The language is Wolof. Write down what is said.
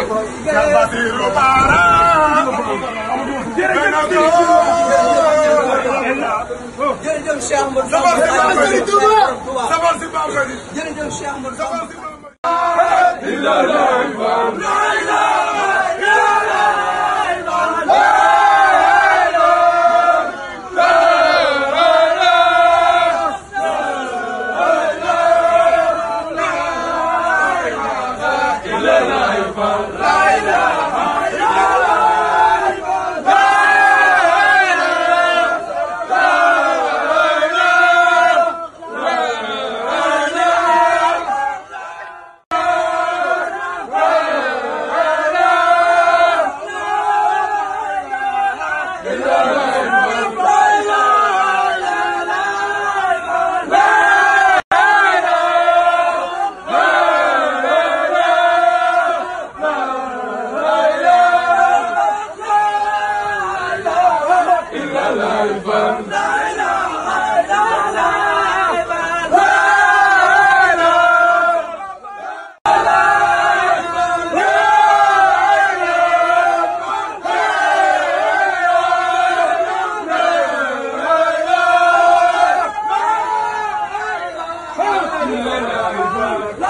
jërëjëf Cheikh Amadou Bamba. jërëjëf Cheikh Amadou Bamba. 分在哪？来吧，快乐！来吧，快乐！来吧，快乐！快乐！快乐！